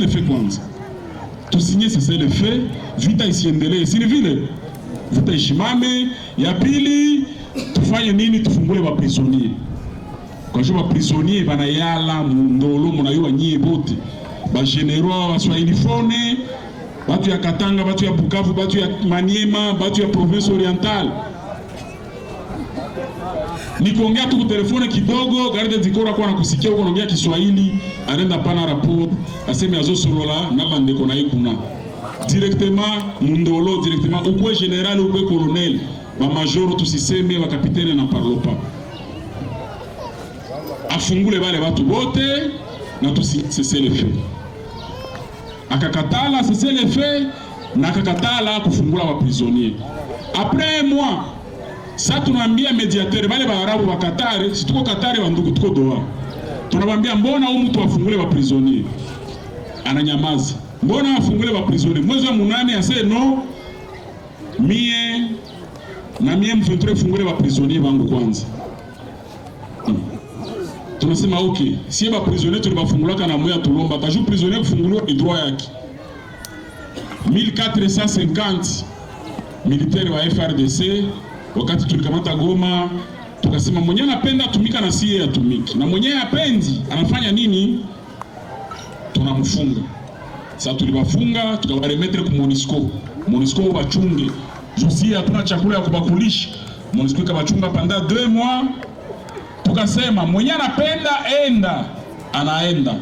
cessez-le-feu tout tusinye c'est le fait. vita isiendelee, isili vile vita mame, Ya pili tufanye nini? Tufungule baprisonie kwajo, baprisonie banayala mundolo, munayowa nyie bote bageneroi baswahilifone, batu ya Katanga, batu ya Bukavu, batu ya Maniema, batu ya province orientale nikuongea tu kutelefone kidogo garde zikora kwa nakusikia huko naongea Kiswahili, anaenda pana rapport aseme azosolola na bandeko na ikuna directement mundolo directement ukwe general ukwe colonel ba major tusiseme ba capitaine na parlopa afungule bale batu bote na tusisesele fe akakatala sesele fe na akakatala kufungula ba prisonnier après moi sasa tunaambia mediateur wale wa Arabu wa Katari, situko Katari wa ndugu tuko doa. Tunabambia mbona huyu mtu afungule wa prisonnier? Ananyamaza. Mbona afungule wa prisonnier? Mwezi wa munane ase no mie na mie mventre fungule wa prisonnier wangu kwanza. Hmm. Tunasema okay, si ba prisonnier tulibafungulaka na moya tulomba, taju prisonnier kufunguliwa ni droit yake. 1450 militaire wa FRDC Wakati tulikamata Goma, tukasema mwenyewe anapenda atumika na siye atumiki, na mwenyewe apendi anafanya nini, tunamfunga. Sasa tulibafunga tukawaremetre ku Monisco, Monisco wachunge jusi, hatuna chakula ya kubakulisha. Monisco ikabachunga panda 2 mois, tukasema mwenyewe anapenda enda, anaenda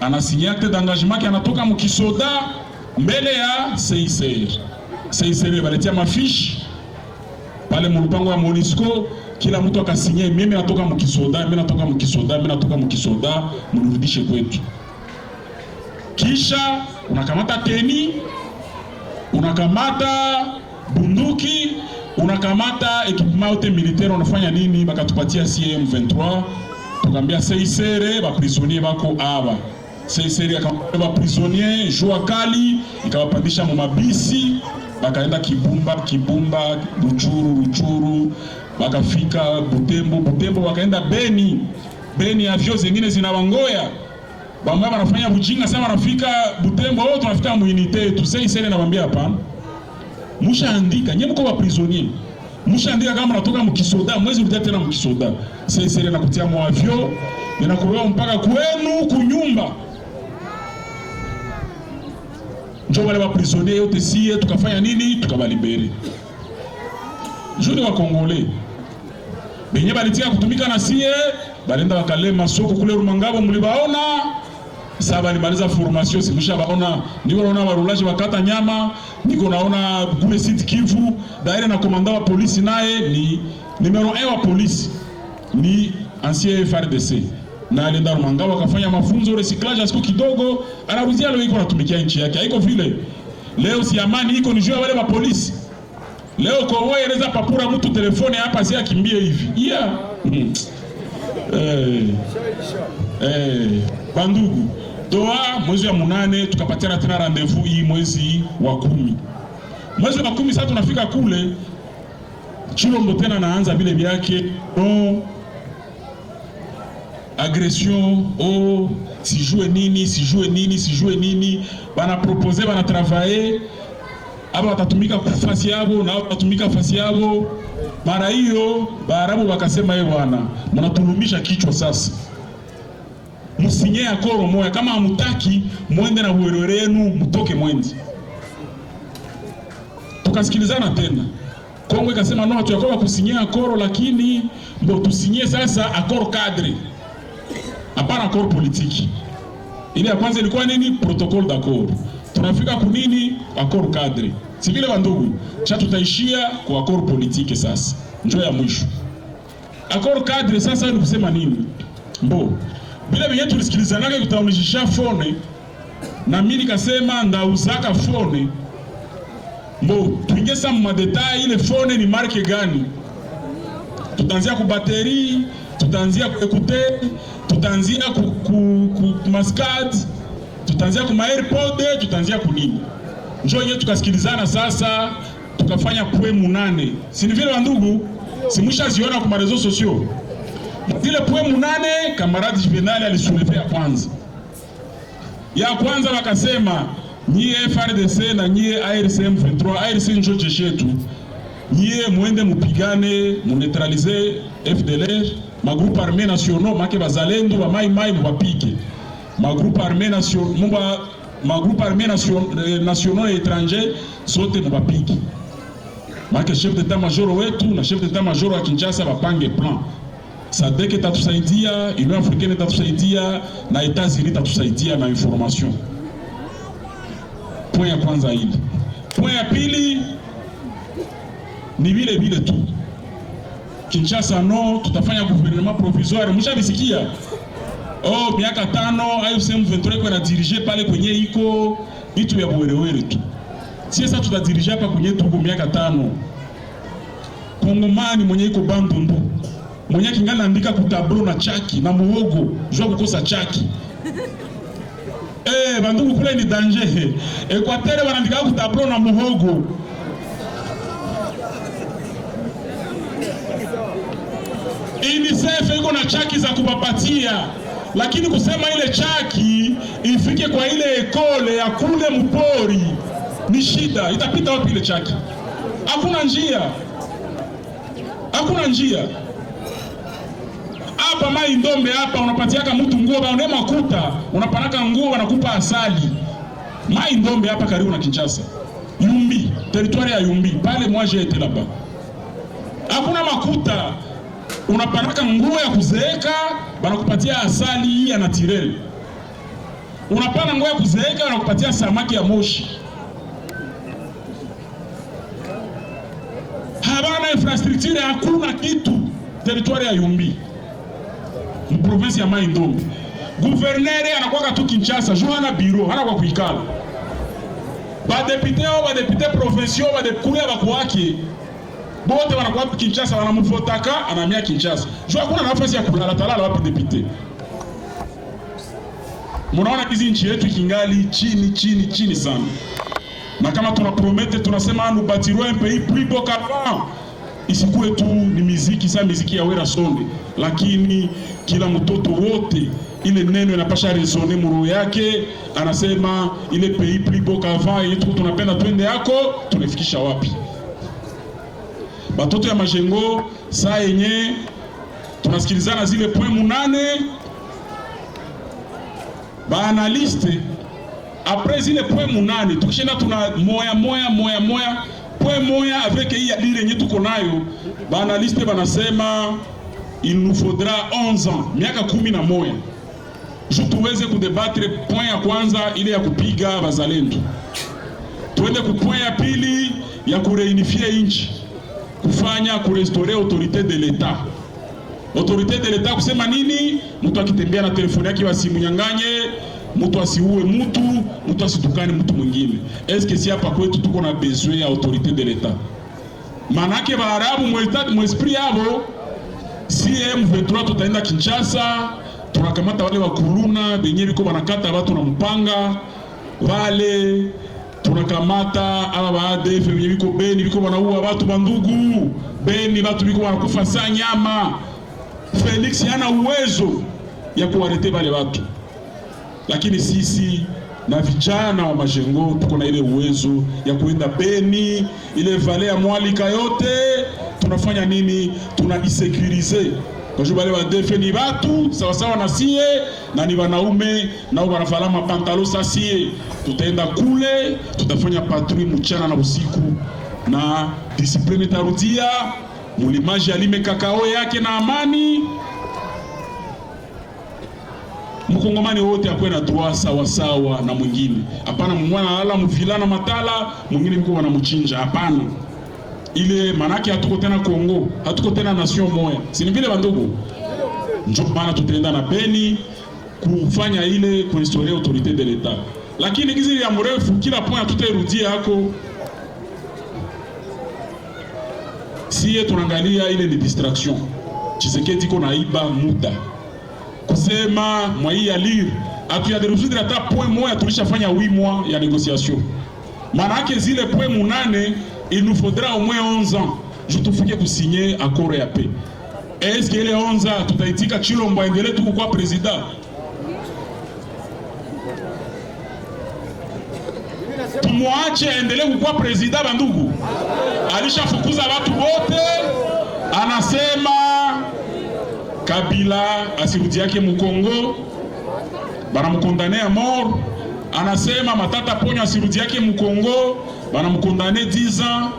anasinya acte d'engagement ki anatoka mukisoda mbele ya CICR. CICR baletia mafishi pale mpango wa Monisco, kila mtu akasinye, mimi natoka mkisoda, mimi natoka mkisoda, mimi natoka mkisoda, mrudishe kwetu. Kisha unakamata teni, unakamata bunduki, unakamata ekipema yote militaire, unafanya nini? Bakatupatia CM23, tukambia seisere ba bako aba seisere, akamweba prisonnier jua kali, ikawapandisha mumabisi mabisi wakaenda Kibumba, Kibumba, Ruchuru, Ruchuru, wakafika Butembo, Butembo wakaenda Beni, Beni avyo zingine zinawangoya bambaye wanafanya bujinga sana, wanafika Butembo wao, tunafika muinite tu tusei sene. Nawaambia hapana, mushaandika nyinyi mko waprisonie, mushaandika kama natoka mkisoda, mwezi mtata tena mkisoda, sei sene nakutia mwavyo ninakuroa mpaka kwenu kunyumba njo wale waprisonnier yote sie tukafanya nini? Tukabalibere juni wa Kongole benye balitika kutumika na sie balenda bakalema soko kule Rumangabo, mulibaona saa balimaliza formation, sikusha baona, niko naona barulaje bakata nyama, niko naona gume site Kivu daire na komanda wa polisi, naye ni numero 1 e wa polisi ni ancien FRDC na alienda Rumanga wakafanya mafunzo recyclage, siku kidogo anaruzia leo iko anatumikia nchi yake. Haiko vile leo si amani iko ni juu wale mapolisi polisi. Leo konvoi anaweza papura mtu telefone hapa si akimbie hivi. Yeah. Eh. Eh. Bandugu, doa mwezi wa munane tukapatiana tena randevu hii mwezi wa kumi. Mwezi wa kumi sasa tunafika kule Chilombo tena naanza vile vyake. No. Oh agression oh, sijue nini sijue nini sijue nini banapropose banatravaye aba batatumika fasi yabo na batatumika fasi yabo. Mara hiyo Baarabu wakasema, ye eh, bwana, mnatulumisha kichwa sasa, msinye ya moya, kama hamutaki mwende na uwerere yenu mtoke mwendi. Tukasikilizana tena Kongo ikasema no, hatuyakoba kusinyia akoro, lakini mbo tusinyie sasa akoro kadri hapana accord politiki. Ile ya kwanza ilikuwa nini? Protocol d'accord. Tunafika kunini? Accord cadre. Si vile wandugu, cha tutaishia kwa accord politiki sasa. Njoo ya mwisho. Accord cadre sasa ni kusema nini? Mbo. Bila vyenye tulisikilizanaka kutaonyesha fone na mimi nikasema ndauzaka fone. Mbo, tuingie sana mwa detail ile fone ni marke gani? Tutaanzia ku bateri, tutaanzia ku écouter tutaanzia ku, ku, ku ku Mascad, tutaanzia ku airport, tutaanzia kunini. Njoo yenyewe tukasikilizana sasa, tukafanya pwe munane, si ni vile wandugu, simwishaziona kwa marezo sosio zile pwe munane. Kamaradi Juvenal alisulivia kwanza ya kwanza, wakasema nyie FRDC na nyie ARC M23, ARC njo jeshi yetu, nyie muende mupigane munetralize FDLR magroupe armé nationaux make bazalendo bamaimai mubapike magroupe armé eh, nationaux ya étranger sote mubapike make chef d'état majoro wetu na chef d'état majoro wa Kinshasa bapange plan SADC itatusaidia, Union Africaine itatusaidia na Etats-Unis itatusaidia na information. Point ya kwanza hili. Point ya pili ni vile vile tu Kinshasa no, tutafanya gouvernement provisoire. Mshavisikia oh, miaka tano AFC M23 kwa nadirije pale kwenye iko vitu ya buwerewere tu. Sasa tutadirije hapa kwenye tuko miaka tano. Kongomani mwenye iko bandundu mwenye kingana andika kutablo na chaki na muogo jua kukosa chaki eh, bandugu kule ni danger. Equateur wanaandika kutablo na muhogo TF iko na chaki za kupapatia, lakini kusema ile chaki ifike kwa ile ekole ya kule mpori ni shida. Itapita wapi ile chaki? Hakuna njia, hakuna njia. Hapa Mai Ndombe hapa unapatiaka mtu nguo baone makuta, unapanaka nguo wanakupa asali. Mai Ndombe hapa karibu na Kinshasa, Yumbi, teritwari ya Yumbi pale mwaje ete laba hakuna makuta unapandaka nguo ya kuzeeka, banakupatia asali ya natirel. Unapanda nguo ya kuzeeka, banakupatia samaki ya moshi. Habana infrastructure, hakuna kitu teritwari ya Yumbi mprovinsi ya Mai Ndombe. Guverneri anakwaka tu Kinshasa, juu hana biro, hana kwa kuikala. Badepite ao badepite provinsio badekuria bakuwake bote wanakuwa Kinshasa, wanamvotaka anahamia Kinshasa juu hakuna nafasi ya kulala talala wapi député. Munaona kizi nchi yetu kingali chini chini chini sana, na kama tunapromete tunasema nous bâtirons un pays plus beau isikuwe tu ni miziki sa miziki ya wera sonde, lakini kila mtoto wote ile neno inapasha resone muru yake, anasema ile pays plus beau yetu tunapenda twende yako tunafikisha wapi? batoto ya majengo saa yenye tunasikilizana zile point munane baanaliste apres zile point munane tukishenda tuna moya moya moya moya point moya avec hii ya dire yenye tuko nayo baanaliste banasema il nous faudra 11 ans miaka kumi na moya ju tuweze kudebatre point ya kwanza ile ya kupiga bazalendo tuende ku point ya pili ya kureunifie inchi kufanya kurestore autorite de l'etat. Autorite de l'etat kusema nini? Mtu akitembea na telefoni yake wasimunyanganye, mtu asiue mtu, mtu asitukane mtu mwingine. Eske si hapa kwetu tuko na besoin ya autorite de l'etat? Manake baarabu mwesprit yavo si M23 tutaenda Kinshasa tunakamata wale wakuluna benye biko banakata watu na mpanga wale tunakamata aba ba ADF venye biko Beni biko watu batu bandugu Beni, batu biko wanakufa saa nyama. Felix hana uwezo ya kuwarete wale batu, lakini sisi na vijana wa majengo tuko na ile uwezo ya kuenda Beni, ile vale ya mwalika yote tunafanya nini? Tunaisekurize. Kojua wale wadefe ni watu sawasawa na sie na ni wanaume nao wanavala mapantalo. Sasa sie tutaenda kule, tutafanya patrui mchana na usiku, na disipline itarudia. Mulimaji alime kakao yake na amani. Mkongomani wote akwe na droit sawasawa na mwingine, hapana mwana ala mvila matala mwingine mko wanamchinja, hapana ile manake, hatuko tena Kongo, hatuko tena nation moya, si ni vile bandugu? Njo maana tutaenda na Beni kufanya ile kuinstaurer autorité de l'etat, lakini gizi ya mrefu kila point tutairudia hako. Siye tunaangalia ile ni distraction. Chisekedi iko naiba muda kusema mwai ya lire atuyadruzidra hata point moya tulishafanya 8 mois ya négociation, maana yake zile point munane il nous faudra au moins 11 ans jutufike kusinye akoro ya paix. Eske ile 11 tutaitika Chilombo aendelee tu kukuwa president? Tumwache aendelee kukuwa president? Bandugu, alishafukuza watu wote, anasema Kabila asirudi yake Mukongo, bana mukondane ya mort anasema Matata Ponyo asirudi yake Mkongo, mkondane 10 ans.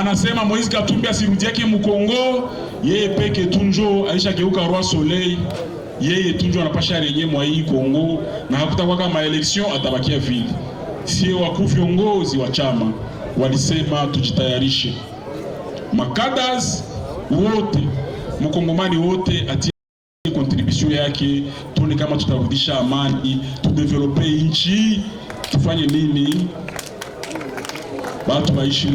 Anasema Moise Katumbi asirudi yake Mkongo, yeye peke tunjo aisha geuka roi soleil, yeye tunjo anapasha renye mwa hii Kongo na kwa kama election, atabakia vile. Sie waku viongozi wa chama walisema tujitayarishe, makadas wote mkongomani wote ati contribution yake tuone kama tutarudisha amani, tudevelope nchi, tufanye nini, watu waishi